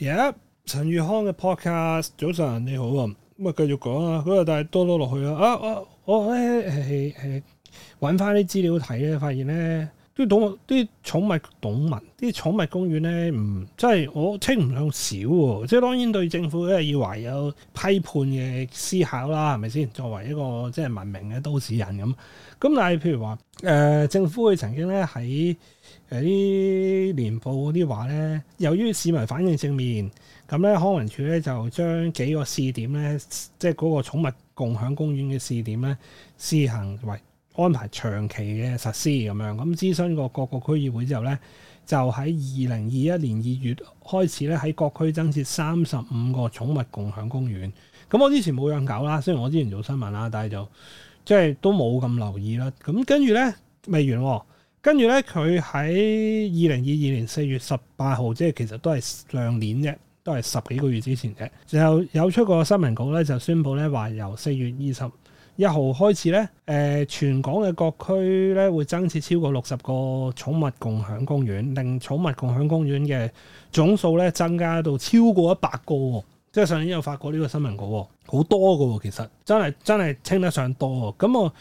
耶！Yep, 陳宇康嘅 podcast，早晨你好多多啊，咁啊繼續講啊，佢又帶多多落去啊。啊我我咧係係係揾翻啲資料睇咧，發現咧。啲寵物、啲寵物動物、啲寵，寵物公園咧，唔即係我清唔上少喎。即係當然對政府咧，要懷有批判嘅思考啦，係咪先？作為一個即係文明嘅都市人咁，咁但係譬如話，誒、呃、政府佢曾經咧喺誒啲年報嗰啲話咧，由於市民反應正面，咁咧康文署咧就將幾個試點咧，即係嗰個寵物共享公園嘅試點咧施行為。安排長期嘅實施咁樣，咁諮詢過各個區議會之後呢，就喺二零二一年二月開始咧，喺各區增設三十五個寵物共享公園。咁我之前冇養狗啦，雖然我之前做新聞啦，但係就即係都冇咁留意啦。咁跟住呢，未完喎，跟住呢，佢喺二零二二年四月十八號，即係其實都係上年嘅，都係十幾個月之前嘅，最後有出個新聞稿呢，就宣布呢話由四月二十。一號開始咧，誒、呃、全港嘅各區咧會增設超過六十個寵物共享公園，令寵物共享公園嘅總數咧增加到超過一百個、哦。即係上年有發過呢個新聞稿、哦，好多嘅、哦、其實真係真係稱得上多、哦。咁我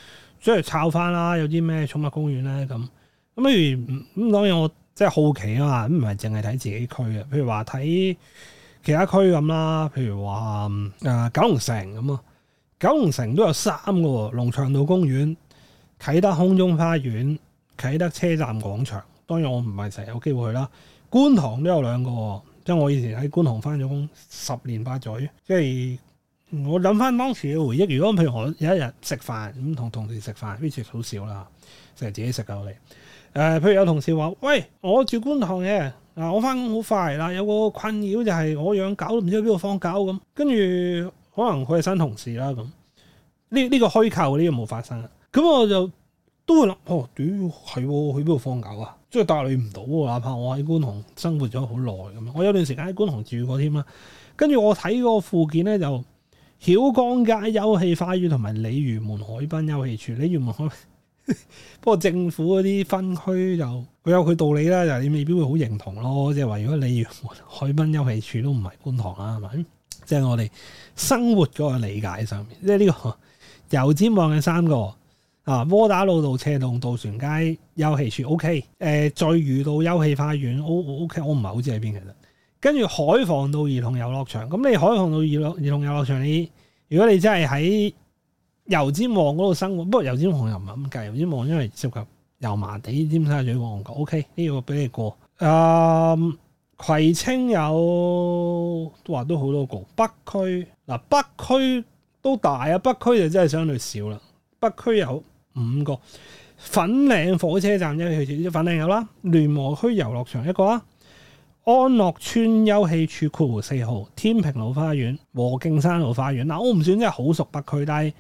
即係抄翻啦，有啲咩寵物公園咧咁咁，不如咁當然我即係好奇啊嘛，唔係淨係睇自己區嘅，譬如話睇其他區咁啦，譬如話誒、呃、九龍城咁啊。九龍城都有三個，龍翔道公園、啟德空中花園、啟德車站廣場。當然我唔係成日有機會去啦。觀塘都有兩個，即係我以前喺觀塘翻咗工十年八載。即係我諗翻當時嘅回憶。如果譬如我有一日食飯咁同同事食飯，呢次好少啦，成日自己食嘅嚟，誒，譬如有同事話：喂，我住觀塘嘅，嗱，我翻工好快啦。有個困擾就係我養狗都唔知喺邊度放狗咁，跟住。可能佢係新同事啦，咁呢呢個虛構呢個冇發生，咁我就都會諗，哦，屌、哎，係喎，去邊度放狗啊？即係代你唔到，哪怕我喺觀塘生活咗好耐，咁樣，我有段時間喺觀塘住過添啦。跟住我睇嗰個附件咧，就曉光街休憩花園同埋鯉魚門海濱休憩處，鯉魚門海，不 過政府嗰啲分區就佢有佢道理啦，就你未必會好認同咯。即係話，如果鯉魚門海濱休憩處都唔係觀塘啦，係咪？即係我哋生活嗰個理解上面，即係呢、這個油尖旺嘅三個啊，窩打老道斜巷渡船街休憩處 O K，誒，OK 呃、再遇到 OK，我不在漁道休憩花園 O O K，我唔係好知喺邊，其實，跟住海防道兒童遊樂場，咁你海防道兒童兒童遊樂場你，如果你真係喺油尖旺嗰度生活，不過油尖旺又唔係咁計，油尖旺因為涉及油麻地尖沙咀旺角 O K，呢個俾你過。嗯葵青有都話都好多個，北區嗱，北區都大啊，北區就真係相對少啦。北區有五個，粉嶺火車站一去粉嶺有啦，聯和區遊樂場一個啊，安樂村休憩處括弧四號，天平路花園，和敬山路花園嗱，我唔算真係好熟北區，但係。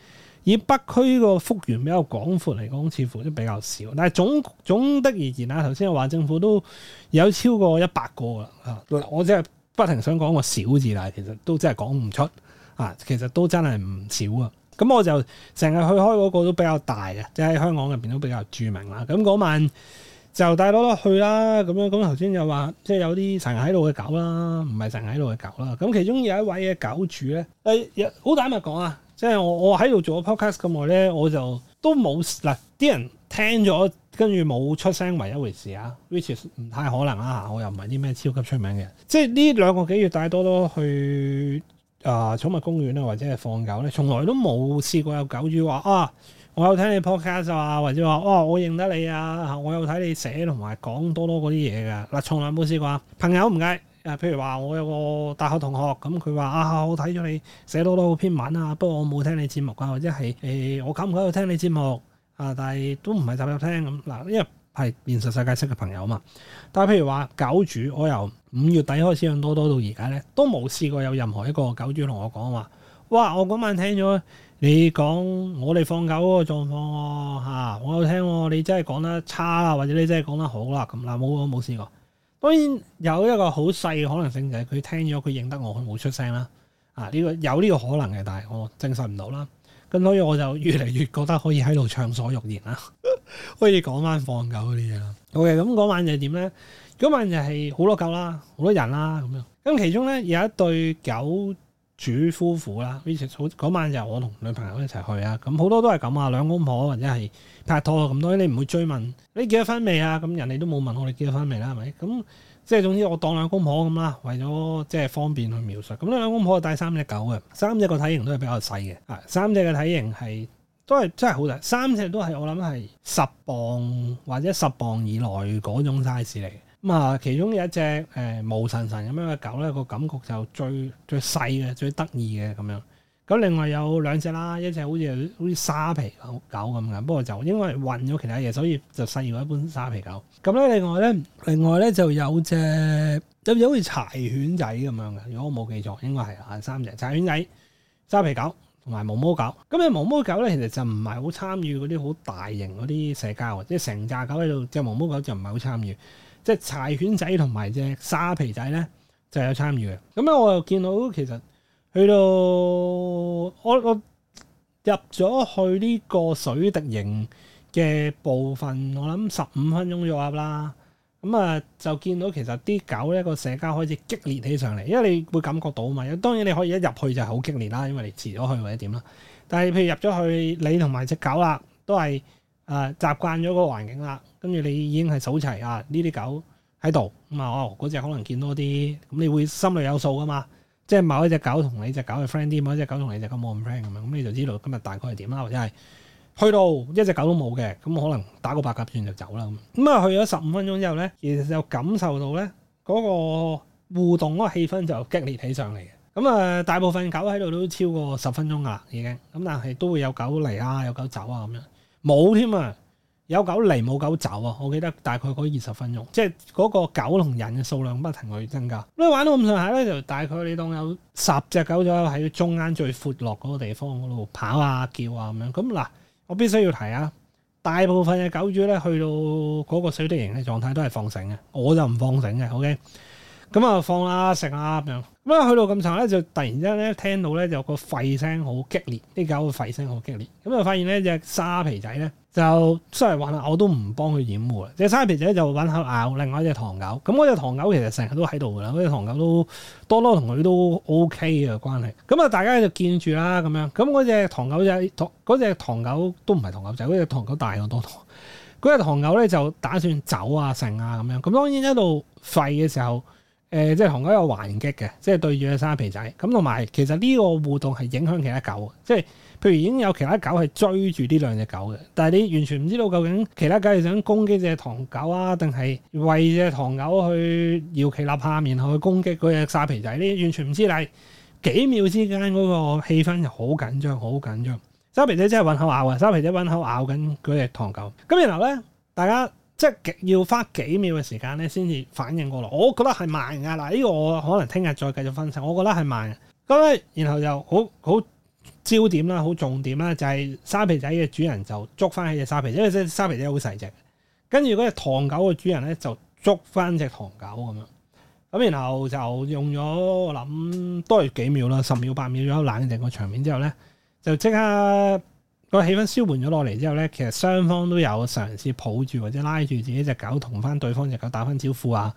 以北區個幅員比較廣闊嚟講，似乎都比較少。但係總總的而言啊，頭先又話政府都有超過一百個啊。我真係不停想講個少字，但係其實都真係講唔出啊。其實都真係唔少啊。咁我就成日去開嗰個都比較大嘅，即係喺香港入邊都比較著名啦。咁嗰晚就帶多多去啦。咁樣，咁頭先又話即係有啲成日喺度嘅狗啦，唔係成日喺度嘅狗啦。咁其中有一位嘅狗主咧，誒、哎，好坦白講啊！即係我我喺度做咗 podcast 咁耐咧，我就都冇嗱啲人聽咗，跟住冇出聲為一回事啊，which is 唔太可能啊，我又唔係啲咩超級出名嘅。即係呢兩個幾月帶多多去啊寵物公園啊或者係放狗咧，從來都冇試過有狗主話啊，我有聽你 podcast 啊，或者話啊我認得你啊，我有睇你寫同埋講多多嗰啲嘢嘅，嗱從來冇試過，朋友唔計。譬如話我有個大學同學咁，佢話啊，我睇咗你寫多多篇文啊，不過我冇聽你節目啊，或者係我敢唔敢去聽你節目啊？但係都唔係集集聽咁嗱，因為係現實世界識嘅朋友啊嘛。但係譬如話狗主，我由五月底開始養多多到而家咧，都冇試過有任何一個狗主同我講話，哇！我嗰晚聽咗你講我哋放狗嗰個狀況喎嚇，我有聽喎，你真係講得差啊，或者你真係講得好啦咁嗱，冇啊冇試過。當然有一個好細嘅可能性就係、是、佢聽咗佢認得我佢冇出聲啦啊呢、這個有呢個可能嘅，但係我證實唔到啦。咁所以我就越嚟越覺得可以喺度暢所欲言啦， 可以講翻放狗嗰啲嘢啦。OK，咁嗰晚就係點咧？嗰晚就係好多狗啦，好多人啦咁樣。咁其中咧有一對狗主夫婦啦 v 好嗰晚就我同女朋友一齊去啊，咁好多都係咁啊，兩公婆或者係拍拖咁多，你唔會追問你結咗婚未啊？咁人哋都冇問我哋結咗婚未啦，係咪？咁即係總之我當兩公婆咁啦，為咗即係方便去描述。咁咧兩公婆就帶三隻狗嘅，三隻個體型都係比較細嘅，啊，三隻嘅體型係都係真係好大。三隻都係我諗係十磅或者十磅以內嗰種 size 嚟。咁啊，其中有一隻誒毛神神咁樣嘅狗咧，個感覺就最最細嘅、最得意嘅咁樣。咁另外有兩隻啦，一隻好似好似沙皮狗狗咁嘅，不過就因為混咗其他嘢，所以就細過一般沙皮狗。咁咧，另外咧，另外咧就有隻有隻好似柴犬仔咁樣嘅，如果我冇記錯，應該係啊三隻柴犬仔、沙皮狗同埋毛毛狗。咁隻毛毛狗咧，其實就唔係好參與嗰啲好大型嗰啲社交，即係成紮狗喺度，隻毛毛狗就唔係好參與。即係柴犬仔同埋隻沙皮仔咧，就有參與嘅。咁我又見到其實去到我我入咗去呢個水滴形嘅部分，我諗十五分鐘左右啦。咁啊，就見到其實啲狗咧個社交開始激烈起上嚟，因為你會感覺到啊嘛。當然你可以一入去就好激烈啦，因為你遲咗去或者點啦。但係譬如入咗去你同埋隻狗啦，都係。誒、啊、習慣咗嗰個環境啦，跟住你已經係數齊啊呢啲狗喺度，咁、嗯、啊哦嗰隻可能見多啲，咁、嗯、你會心裏有數㗎嘛？即係某一隻狗同你隻狗係 friend 啲，某一隻狗同你隻狗冇咁 friend 咁樣，咁、嗯、你就知道今日大概係點啦，或者係去到一隻狗都冇嘅，咁、嗯、可能打八個白鴿轉就走啦。咁、嗯、啊、嗯、去咗十五分鐘之後咧，其實就感受到咧嗰個互動嗰個氣氛就激烈起上嚟嘅。咁、嗯、啊、呃、大部分狗喺度都超過十分鐘噶啦，已經咁，但係都會有狗嚟啊，有狗走啊咁、嗯冇添啊，有狗嚟冇狗走啊！我記得大概嗰二十分鐘，即係嗰個狗同人嘅數量不停去增加。咁你玩到咁上下咧，就大概你當有十隻狗咗喺中間最闊落嗰個地方嗰度跑啊叫啊咁樣。咁嗱，我必須要提啊，大部分嘅狗主咧去到嗰個水滴形嘅狀態都係放繩嘅，我就唔放繩嘅。OK。咁啊，放啦、啊，食啦。咁樣咁啊，去到咁長咧，就突然之間咧聽到咧，就有個吠聲好激烈，啲狗嘅吠聲好激烈，咁就發現呢隻沙皮仔咧就出嚟玩，我都唔幫佢掩護啊！隻沙皮仔就揾口咬另外一隻唐狗，咁嗰隻唐狗其實成日都喺度嘅啦，嗰隻唐狗都多多同佢都 O K 嘅關係。咁啊，大家就見住啦，咁樣咁嗰隻唐狗就唐嗰隻唐狗，狗都唔係唐狗仔，嗰隻唐狗大好多多。嗰隻唐狗咧就打算走啊，食啊，咁樣咁當然喺度吠嘅時候。誒、呃、即係唐狗有還擊嘅，即係對住隻沙皮仔咁，同埋其實呢個互動係影響其他狗即係譬如已經有其他狗係追住呢兩隻狗嘅，但係你完全唔知道究竟其他狗係想攻擊隻唐狗啊，定係為隻唐狗去搖旗立下，面，去攻擊嗰隻沙皮仔？你完全唔知道，但係幾秒之間嗰個氣氛就好緊張，好緊張。沙皮仔真係揾口咬啊！沙皮仔揾口咬緊嗰隻唐狗，咁然後咧大家。即係要花幾秒嘅時間咧，先至反應過嚟。我覺得係慢㗎嗱，呢個我可能聽日再繼續分析。我覺得係慢嘅。咁咧，然後就好好焦點啦，好重點啦，就係沙皮仔嘅主人就捉翻起隻沙皮仔，因為即係沙皮仔好細隻。跟住嗰隻唐狗嘅主人咧，就捉翻隻唐狗咁樣。咁然後就用咗我諗多幾秒啦，十秒八秒左右，冷靜個場面之後咧，就即刻。個氣氛舒緩咗落嚟之後咧，其實雙方都有嘗試抱住或者拉住自己隻狗，同翻對方隻狗打翻招呼啊，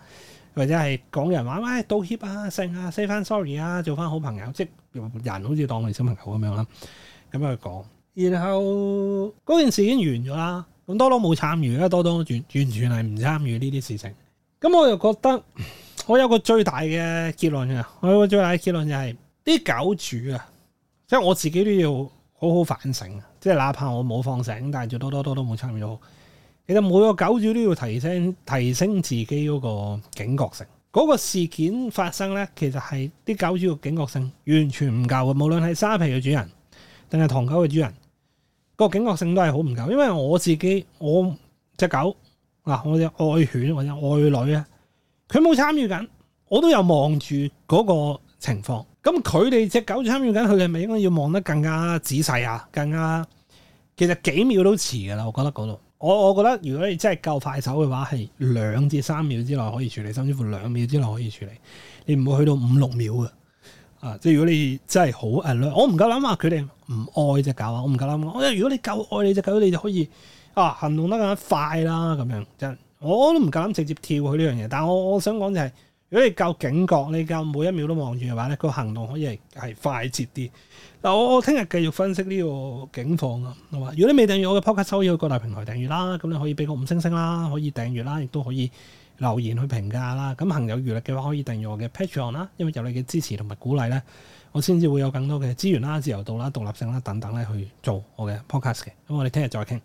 或者係講人話，喂、哎，道歉啊，剩啊，say 翻 sorry 啊，做翻好朋友，即人好似當佢小朋友咁樣啦，咁去講。然後嗰件事已經完咗啦，咁多多冇參與，啊，多多完完全係唔參與呢啲事情。咁我又覺得，我有個最大嘅結論啊，我有個最大嘅結論就係、是、啲狗主啊，即係我自己都要。好好反省啊！即係哪怕我冇放醒，但係仲多多多都冇參與咗。其實每個狗主都要提升提升自己嗰個警覺性。嗰個事件發生呢，其實係啲狗主嘅警覺性完全唔夠嘅。無論係沙皮嘅主人，定係唐狗嘅主人，個警覺性都係好唔夠。因為我自己我隻狗嗱，我只愛犬或者愛女咧，佢冇參與緊，我都有望住嗰個情況。咁佢哋隻狗參與緊佢，佢哋咪應該要望得更加仔細啊？更加，其實幾秒都遲噶啦，我覺得嗰度。我我覺得，如果你真係夠快手嘅話，係兩至三秒之內可以處理，甚至乎兩秒之內可以處理。你唔會去到五六秒啊！啊，即係如果你真係好誒，我唔夠膽啊！佢哋唔愛隻狗啊，我唔夠膽。我如果你夠愛你隻狗，你就可以啊，行動得更加快啦，咁樣即係，我都唔夠膽直接跳去呢樣嘢。但係我我想講就係、是。如果你夠警覺，你夠每一秒都望住嘅話咧，個行動可以係快捷啲。嗱，我我聽日繼續分析呢個警況啊，好嘛？如果你未訂閱我嘅 podcast，收於各大平台訂閱啦，咁你可以俾個五星星啦，可以訂閱啦，亦都可以留言去評價啦。咁行有餘力嘅話，可以訂閱我嘅 patreon 啦，因為有你嘅支持同埋鼓勵咧，我先至會有更多嘅資源啦、自由度啦、獨立性啦等等咧去做我嘅 podcast 嘅。咁我哋聽日再傾。